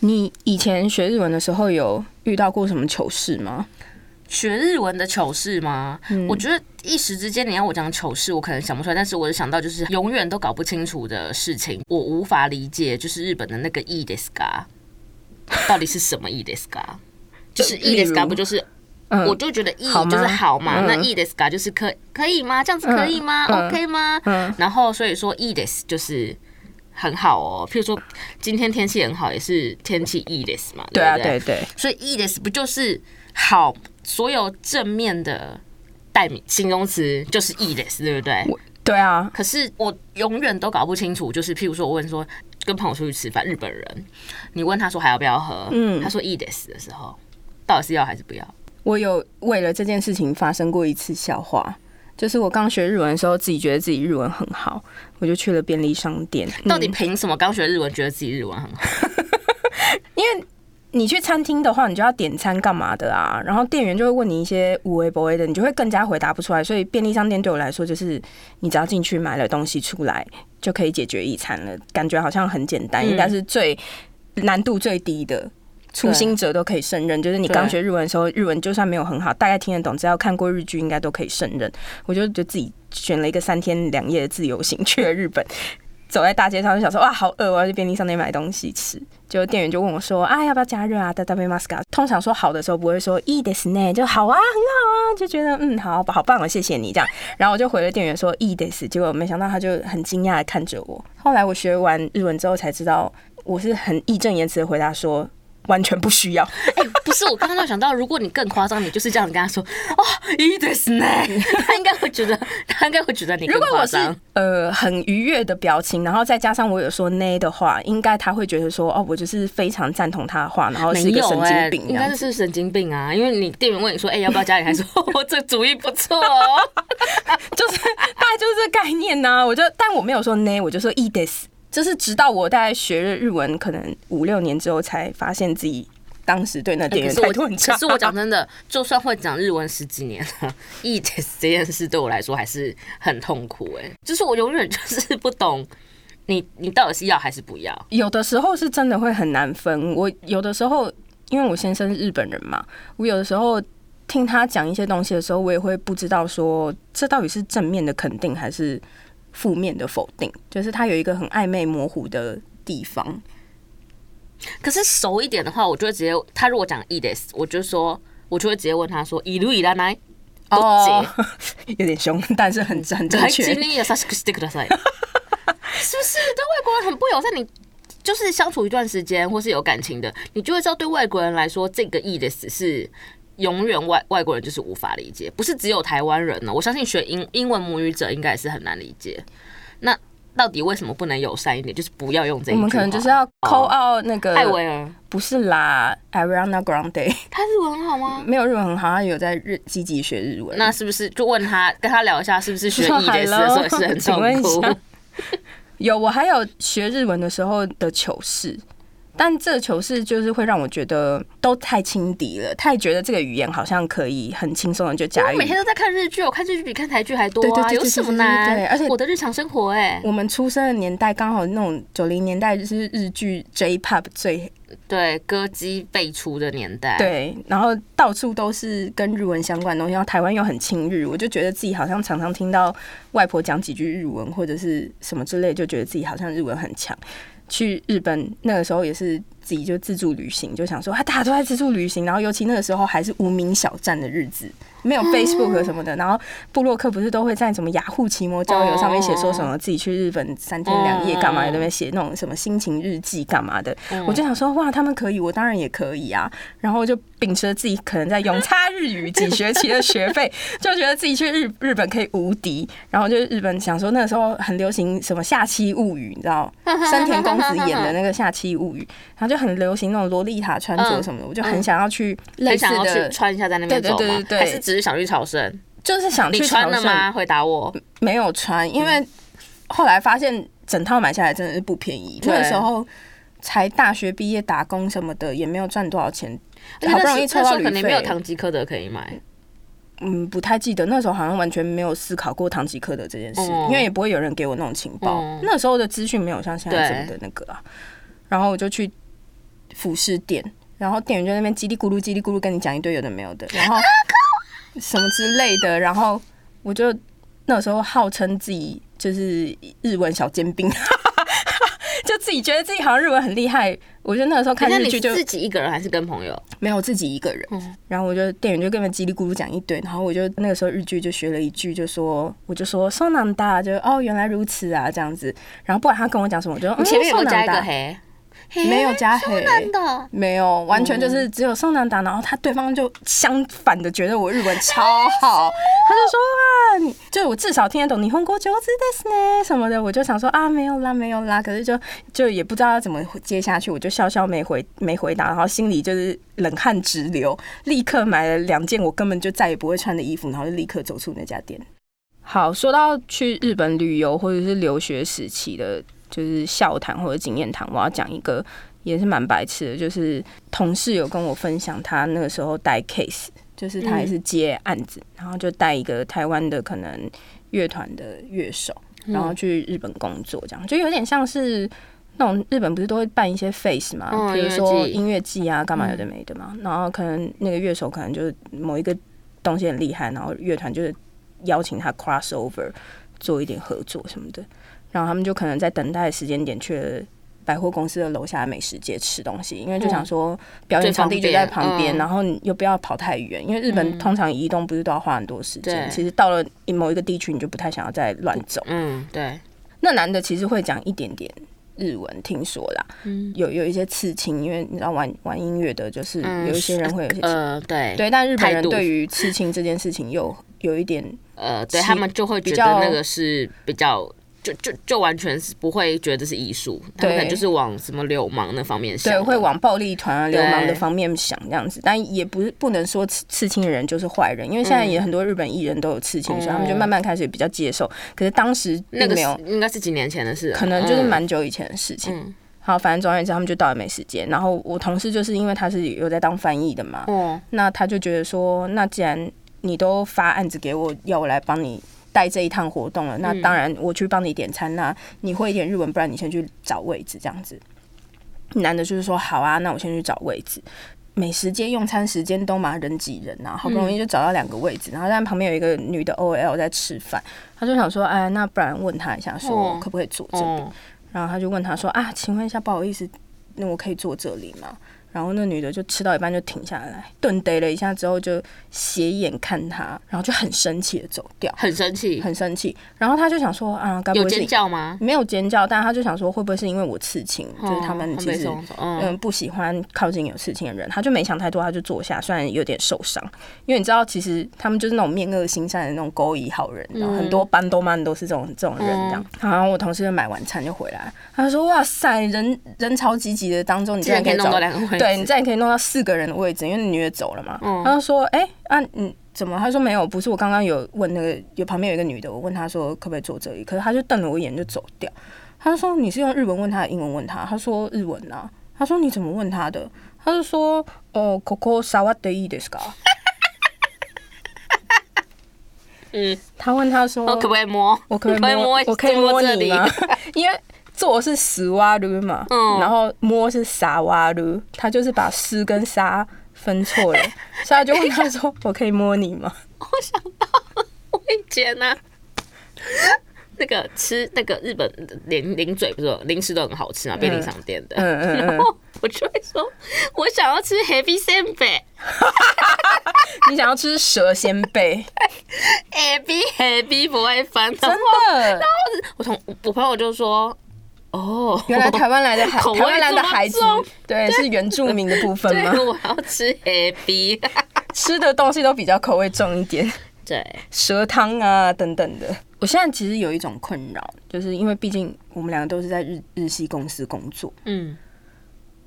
你以前學日文的時候有遇到過什麼糗事嗎？學日文的糗事嗎？嗯、我覺得一時之間你要我講糗事，我可能想不出來。但是我就想到就是永遠都搞不清楚的事情，我無法理解，就是日本的那個いですか到底是什麼いですか？ 就是いですか不就是？我就覺得い就是好嘛， 那いですか就是可可以嗎？這樣子可以嗎 ？OK 嗎？ 然後所以說いです就是。很好哦，譬如說今天天氣很好，也是天氣いいです嘛，對啊，對對,對對，所以いいです不就是好，所有正面的代名形容詞就是いいです，對不對？對啊。可是我永遠都搞不清楚，就是譬如說我問說跟朋友出去吃飯，日本人，你問他說還要不要喝，嗯，他說いいです的時候，到底是要還是不要？我有為了這件事情發生過一次笑話。就是我剛學日文的時候，自己覺得自己日文很好，我就去了便利商店。嗯、到底憑什麼剛學日文覺得自己日文很好？ 因為你去餐廳的話，你就要點餐幹嘛的啊？然後店員就會問你一些有的沒的的，你就會更加回答不出來。所以便利商店對我來說，就是你只要進去買了東西出來，就可以解決一餐了，感覺好像很簡單，應該是最難度最低的。初心者都可以勝任，就是你剛學日文的時候，對日文就算沒有很好，大概聽得懂，只要看過日劇，應該都可以勝任。我就就自己選了一個三天兩夜的自由行去了日本，走在大街上就想說，哇，好餓，我要去便利商店買東西吃。就店員就問我說啊，要不要加熱啊？溫めますか？通常說好的時候不會說いいですね，就好啊，很好啊，就覺得嗯，好，好棒，謝謝你這樣。然後我就回了店員說いいです，結果沒想到他就很驚訝的看着我。後來我學完日文之後才知道，我是很義正言辭的回答說。完全不需要。哎，不是，我剛剛就想到，如果你更誇張，你就是這樣，你跟他說哦，哦，いいですね，他應該會覺得，他應該會覺得你更誇張。如果我是呃很愉悅的表情，然後再加上我有說ね的話，應該他會覺得說，哦，我就是非常贊同他的話，然後是一個神經病，欸、應該是是神經病啊，因為你店員問你說，哎，要不要家里還說， 我這主意不錯哦，就是大概就是這概念啊。我就但我沒有說ね我就說いいです。就是直到我大概學日文可能五六年之後，才發現自己當時對那點態度很差。欸、可是我講真的， 就算會講日文十幾年了，欸這件事對我來說還是很痛苦。欸。哎，就是我永遠就是不懂你，你你到底是要還是不要？有的時候是真的會很難分。我有的時候，因為我先生是日本人嘛，我有的時候聽他講一些東西的時候，我也會不知道說這到底是正面的肯定還是，負面的否定，就是他有一個很曖昧模糊的地方。可是熟一點的話，我就會直接他如果講いいです我就說，我就會直接問他說，伊魯伊拉奈，哦，有點兇，但是很很正確。 是不是對外國人很不友善？你就是相處一段時間或是有感情的，你就會知道對外國人來說，這個いいです是。永遠外外國人就是無法理解，不是只有台灣人呢。我相信學英英文母語者應該也是很難理解。那到底為什麼不能友善一點？就是不要用這一。我們可能就是要 call out 那個艾薇兒。Oh, I mean. 不是啦，Ariana Grande，他日文很好嗎？沒有日文很好，他有在日積極學日文。 那是不是就問他，跟他聊一下，是不是學日文的時候是很痛苦 ？有，我還有學日文的時候的糗事。但這個球是，就是會讓我覺得都太輕敵了，太覺得這個語言好像可以很輕鬆的就駕馭。我每天都在看日劇，我看日劇比看台劇還多啊，對對對對，有什麼呢？對，而且我的日常生活、欸，哎，我們出生的年代剛好那種九零年代就是日劇 J pop 最對歌姬輩出的年代，對，然後到處都是跟日文相關的東西，然後台灣又很親日，我就覺得自己好像常常聽到外婆講幾句日文或者是什麼之類，就覺得自己好像日文很強。去日本那個時候也是。自己就自助旅行，就想說，啊，大家都在自助旅行，然後尤其那個時候還是無名小站的日子，沒有 Facebook 什麼的，嗯、然後部落客不是都會在什麼雅虎、ah、奇摩交友上面寫說什麼自己去日本三天兩夜幹嘛，在那邊寫那種什麼心情日記幹嘛的，嗯、我就想說，哇，他們可以，我當然也可以啊，然後就秉持着自己可能在永差日語幾學期的學費，就覺得自己去日 日本可以無敵，然後就日本想說那時候很流行什麼《下妻物語》，你知道，山田公子演的那個《下妻物語》， 然後就。很流行那種洛麗塔穿着什麼的，我就很想要去，類似的穿一下在那邊走嘛。還是只是想去朝聖？就是想去穿了嗎？回答我，沒有穿，因為後來發現整套買下來真的是不便宜。那個時候才大學畢業打工什麼的，也沒有賺多少錢，好不容易湊到旅費，沒有唐吉訶德可以買。嗯，不太記得那時候好像完全沒有思考過唐吉訶德這件事，因為也不會有人給我那種情報。那時候的資訊沒有像現在這樣的那個、啊、然後我就去。服飾店，然後店員就在那邊嘰里咕嚕、嘰里咕嚕跟你講一堆有的沒有的，然後什麼之類的，然後我就那時候號稱自己就是日文小尖兵， 就自己覺得自己好像日文很厲害。我就那時候看日劇就自己一個人還是跟朋友，沒有自己一個人。然後我就店員就根本嘰里咕嚕講一堆，然後我就那個時候日劇就學了一句，就說我就說收那麼大」，就哦，原來如此啊這樣子。然後不管他跟我講什麼，我就說、哎呃、說你前面有個加一個黑 沒有加黑， 沒有，完全就是只有上單達，然後他對方就相反的覺得我日文超好， 他就說啊，就我至少聽得懂你紅過九子的什麼的，我就想說啊，沒有啦，沒有啦，可是就就也不知道要怎麼接下去，我就笑笑沒回沒回答，然後心裡就是冷汗直流，立刻買了兩件我根本就再也不會穿的衣服，然後就立刻走出那家店。好，說到去日本旅遊或者是留學時期的。就是笑談或者經驗談，我要講一個也是蠻白痴的，就是同事有跟我分享，他那個時候帶 case，就是他還是接案子，然後就帶一個台灣的可能樂團的樂手，然後去日本工作，這樣就有點像是那種日本不是都會辦一些 face 嘛，比如說音樂祭啊，幹嘛有的沒的嘛，然後可能那個樂手可能就是某一個東西很厲害，然後樂團就是邀請他 cross over 做一點合作什麼的。然後他們就可能在等待時間點去百貨公司的樓下美食街吃東西，因為就想說表演場地就在旁邊，嗯嗯、然後你又不要跑太遠，因為日本通常移動不是都要花很多時間。嗯、其實到了某一個地區，你就不太想要再亂走。嗯，嗯，對。那男的其實會講一點點日文，聽說啦，嗯、有有一些刺青，因為你知道玩玩音樂的，就是有一些人會有些、嗯、呃，對對，但日本人對於刺青這件事情又有一點呃，對他們就會覺得那個是比較。就就就完全是不會覺得是藝術，對他們可能就是往什麼流氓那方面想，對，會往暴力團啊、流氓的方面想這樣子。對但也不是不能說刺刺青的人就是壞人，因為現在也很多日本藝人都有刺青，嗯、所以他們就慢慢開始比較接受。嗯、可是當時沒有那個應該是幾年前的事、啊，可能就是蠻久以前的事情。好、嗯，然後反正總而言之，他們就倒也沒時間。然後我同事就是因為他是有在當翻譯的嘛，嗯、那他就覺得說，那既然你都發案子給我，要我來幫你帶這一趟活動了，那當然我去幫你點餐。嗯、那你會一點日文，不然你先去找位置這樣子。男的就是說好啊，那我先去找位置。美食街用餐時間都嘛人擠人啊，好不容易就找到兩個位置，然後但旁邊有一個女的 OL 在吃飯，嗯、他就想說，哎，那不然問他一下，說我可不可以坐這裡。哦、哦、然後他就問他說啊，請問一下，不好意思，那我可以坐這裡嗎？然後那女的就吃到一半就停下來，頓呆了一下之後就斜眼看他，然後就很生氣的走掉，很生氣，很生氣。然後他就想說啊，該不會是有尖叫嗎？沒有尖叫，但他就想說會不會是因為我刺青，哦、就是他們其實嗯，嗯不喜歡靠近有刺青的人，他就沒想太多，他就坐下，雖然有點受傷，因為你知道其實他們就是那種面惡心善的那種勾引好人，嗯、然後很多班東搬都是這種這種人這樣。嗯、然後我同事就買完餐就回來，他說哇塞，人人潮擠擠的當中你，你竟然可以找到兩個。對，你這樣可以弄到四個人的位置，因為你女的走了嘛。嗯、他就說：“哎、欸，啊，你怎麼？”他說：“沒有，不是我剛剛有問那個，有旁邊有一個女的，我問她說可不可以坐這裡，可是她就瞪了我一眼就走掉。他就說你是用日文問她，英文問他，他說日文啊。他說你怎麼問他的？他就說：哦，ここ觸っていいですか？嗯，他問他說：我可不可以摸？我可不可以摸？可以摸？我可以摸這裡，因為。 ”做是死蛙嚕嘛，然後摸是沙蛙嚕，他就是把屎跟沙分錯了，所以他就問他說：“我可以摸你嗎？”我想到，我以前哪，那個吃那個日本零零嘴，不是零食都很好吃嘛，便利商店的。然後我就會說：“我想要吃黑皮仙貝。”你想要吃蛇仙貝？黑皮黑皮不會分的，真的，然後我同我朋友就說。哦，oh, 原來台灣來的台灣來的孩子，對，對是原住民的部分嗎？我要吃 A B， 吃的東西都比較口味重一點。對，蛇湯啊等等的。我現在其實有一種困擾，就是因為畢竟我們兩個都是在日日系公司工作。嗯，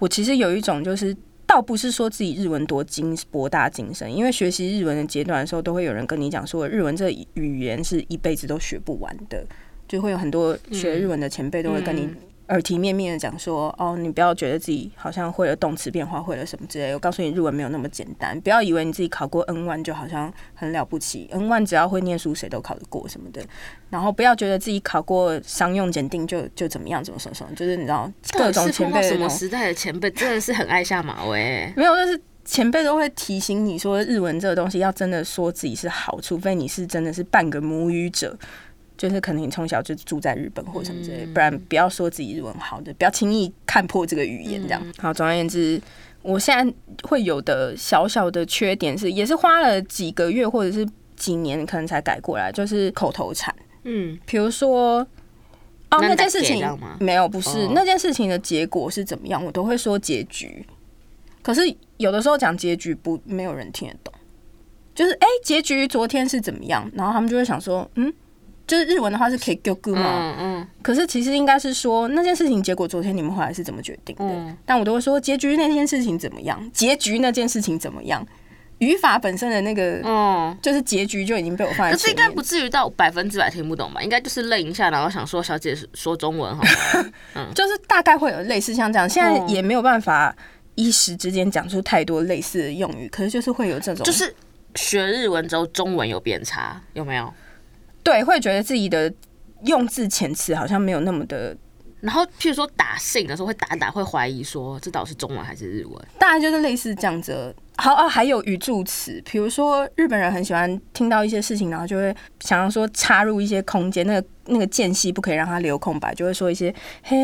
我其實有一種就是，倒不是說自己日文多精博大精深，因為學習日文的階段的時候，都會有人跟你講說，日文這語言是一輩子都學不完的。就會有很多學日文的前輩都會跟你耳提面命的講說，哦，你不要覺得自己好像會了動詞變化，會了什麼之類。我告訴你，日文沒有那麼簡單，不要以為你自己考過 N1 就好像很了不起，N1 只要會念書誰都考得過什麼的。然後不要覺得自己考過商用檢定就就怎麼樣，怎麼什麼什麼，就是你知道各種前輩什麼時代的前輩真的是很愛下馬威。沒有，但是前輩都會提醒你說，日文這個東西要真的說自己是好，除非你是真的是半個母語者。就是可能你從小就住在日本或什麼之類，不然不要說自己日文好的，不要輕易看破這個語言這樣。好，總而言之，我現在會有的小小的缺點是，也是花了幾個月或者是幾年，可能才改過來，就是口頭禪。嗯，比如說，哦，那件事情沒有，不是那件事情的結果是怎麼樣，我都會說結局。可是有的時候講結局不，沒有人聽得懂。就是哎、欸，結局昨天是怎麼樣，然後他們就會想說，嗯。就是日文的話是可以叫哥嘛，嗯嗯。嗯，可是其實應該是說，那件事情結果昨天你們回來是怎麼決定的？嗯、但我都會說，結局那件事情怎麼樣？結局那件事情怎麼樣？語法本身的那個，嗯，就是結局就已經被我放在前面。可是應該不至於到百分之百聽不懂吧？應該就是累一下，然後想說小姐，說中文好嗎？嗯、 就是大概會有類似像這樣，現在也沒有辦法一時之間講出太多類似的用語，嗯、可是就是會有這種，就是學日文之後中文有變差有沒有？對，會覺得自己的用字遣詞好像沒有那麼的，然後譬如說打信的時候會打打，會懷疑說這到底是中文還是日文。當然就是類似這樣子。好啊，還有語助詞，比如說日本人很喜歡聽到一些事情，然後就會想要說插入一些空間，那個那個間隙不可以讓他留空白，就會說一些嘿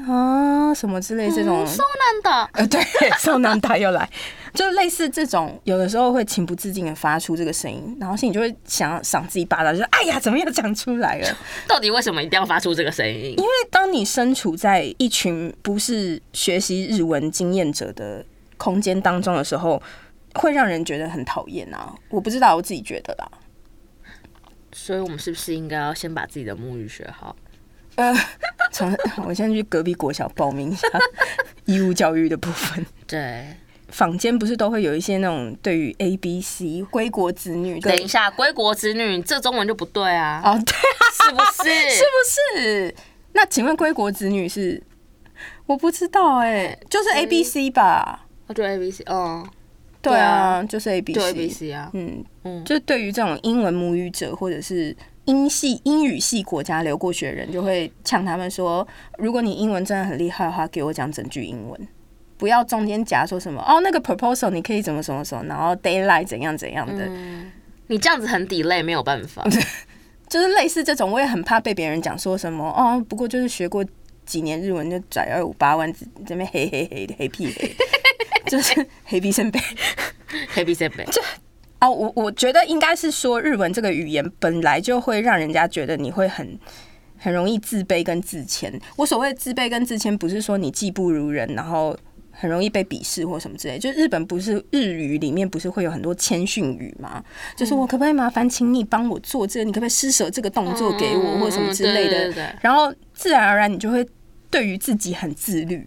啊什麼之類這種。嗯、少男打，呃，對，少男打又來。 就類似這種，有的時候會情不自禁的發出這個聲音，然後心裡就會想賞自己一巴掌，就說：“哎呀，怎麼又講出來了？到底為什麼一定要發出這個聲音？”因為當你身處在一群不是學習日文經驗者的空間當中的時候，會讓人覺得很討厭啊！我不知道我自己覺得啦、啊。所以我們是不是應該要先把自己的母語學好？呃，從 我先去隔壁國小報名一下義務教育的部分。對。坊間不是都會有一些那種對於 A B C 歸國子女？等一下，歸國子女這中文就不對啊！哦、啊，對、啊，是不是？是不是？那請問歸國子女是？我不知道哎、欸，就是 A B C 吧？嗯、就 A B C，嗯、哦，對啊，就是 A B C 啊，嗯嗯，嗯就對於這種英文母語者或者是英系英語系國家留過學的人，就會嗆他們說：如果你英文真的很厲害的話，給我講整句英文。不要中間夾說什麼哦，那個 proposal 你可以怎麼怎麼怎麼，然後 daylight 怎樣怎樣的，嗯、你這樣子很 delay 沒有辦法， 就是類似這種，我也很怕被別人講說什麼哦。不過就是學過幾年日文就拽二五八萬，這邊黑黑黑的，黑屁嘿， 就是黑皮先輩，黑皮先輩。這 哦，我我覺得應該是說日文這個語言本來就會讓人家覺得你會很很容易自卑跟自謙。我所謂自卑跟自謙，不是說你技不如人，然後。很容易被鄙視或什麼之類，就日本不是日語裡面不是會有很多謙遜語嗎？嗯、就是我可不可以麻煩請你幫我做這個？你可不可以施舍這個動作給我、嗯、或什麼之類的。對對對。然後自然而然你就會對於自己很自律，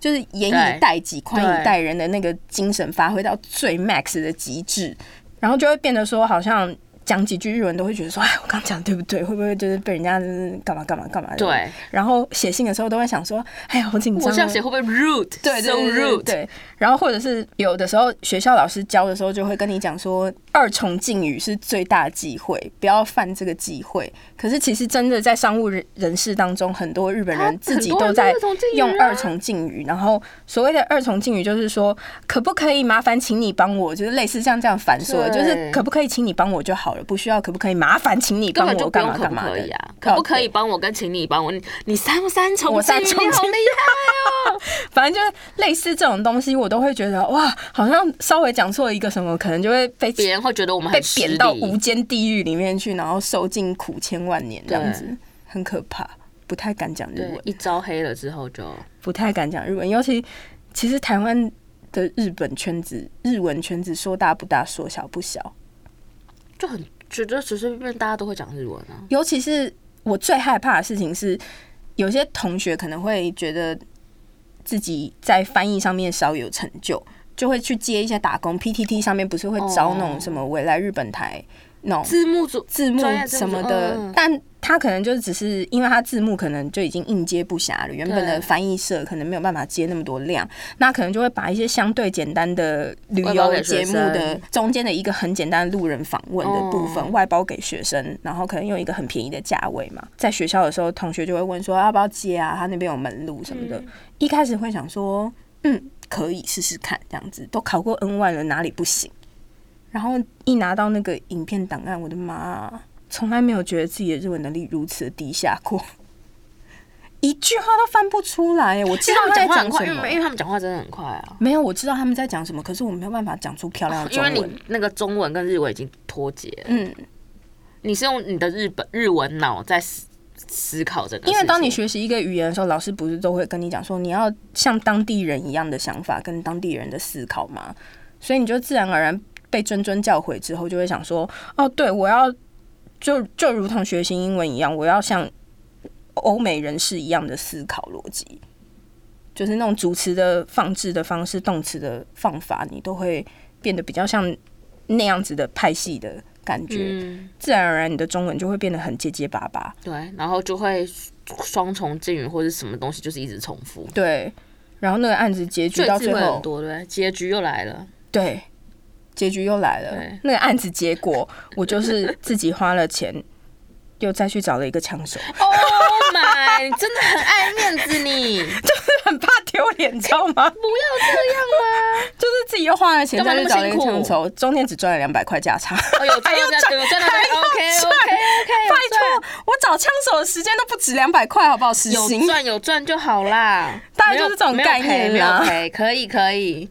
就是嚴以待己、寬以待人的那個精神發揮到最 max 的極致，然後就會變得說好像。講幾句日文都會覺得說，哎，我剛講對不對？會不會就是被人家幹嘛幹嘛幹嘛的？對。然後寫信的時候都會想說，哎呀，好緊張，我這樣寫會不會 rude？對，對，對，這種 so rude 對。然後或者是有的時候學校老師教的時候就會跟你講說。二重敬語是最大忌諱，不要犯這個忌諱。可是其實真的在商務人人士當中，很多日本人自己都在用二重敬語。然後所謂的二重敬語，就是說可不可以麻煩請你幫我，就是類似像這樣繁瑣，就是可不可以請你幫我就好了，不需要。可不可以麻煩請你幫我，幹嘛幹嘛，根本就不用可不可以啊？可不可以幫我跟請你幫我，你三不三重？我三重好厲害哦！ 反正就是類似這種東西，我都會覺得哇，好像稍微講錯一個什麼，可能就會被別人會覺得我們被貶到無間地獄裡面去，然後受盡苦千萬年這樣子，對很可怕，不太敢講日文。一朝黑了之後就，就不太敢講日文。尤其其實台灣的日本圈子、日文圈子說大不大，說小不小，就很覺得隨隨便便大家都會講日文、啊。尤其是我最害怕的事情是，有些同學可能會覺得。自己在翻譯上面稍有成就，就會去接一些打工。PTT 上面不是會找那種什麼緯來日本台那種字幕組、字幕什麼的，但。他可能就是只是，因為他字幕可能就已經應接不暇了，原本的翻譯社可能沒有辦法接那麼多量，那可能就會把一些相對簡單的旅遊節目的中間的一個很簡單的路人訪問的部分外包給學生，然後可能用一個很便宜的價位嘛。在學校的時候，同學就會問說要不要接啊？他那邊有門路什麼的。一開始會想說，嗯，可以試試看，這樣子都考過 N1 了，哪裡不行？然後一拿到那個影片檔案，我的媽！從來沒有覺得自己的日文能力如此的低下過， 一句話都翻不出來，欸。我知道他們在講什麼因，因為他們講話真的很快啊。沒有，我知道他們在講什麼，可是我沒有辦法講出漂亮的中文。哦，因為你那個中文跟日文已經脫節。嗯，你是用你的日本日文腦在思思考這個？因為當你學習一個語言的時候，老師不是都會跟你講說，你要像當地人一樣的想法跟當地人的思考嗎？所以你就自然而然被諄諄教誨之後，就會想說，哦，對我要。就就如同學習英文一樣，我要像歐美人士一樣的思考邏輯，就是那種主詞的放置的方式、動詞的放法，你都會變得比較像那樣子的派系的感覺。嗯，自然而然，你的中文就會變得很結結巴巴。對，然後就會雙重贅語或者什麼東西，就是一直重複。對，然後那個案子結局到最後，最很多，對，結局又來了。對。結局又來了，那個案子結果我就是自己花了錢，又再去找了一個槍手。Oh my，真的很愛面子，你就是很怕丟臉，你知道嗎？不要這樣嗎？就是自己又花了錢，再去找了一個槍手，中間只賺了兩百塊價差。還有賺，真的還有賺，OK OK OK，拜托，我找槍手的時間都不止兩百塊，好不好？有賺有賺就好啦，大概就是這種概念了。沒有，可以可以。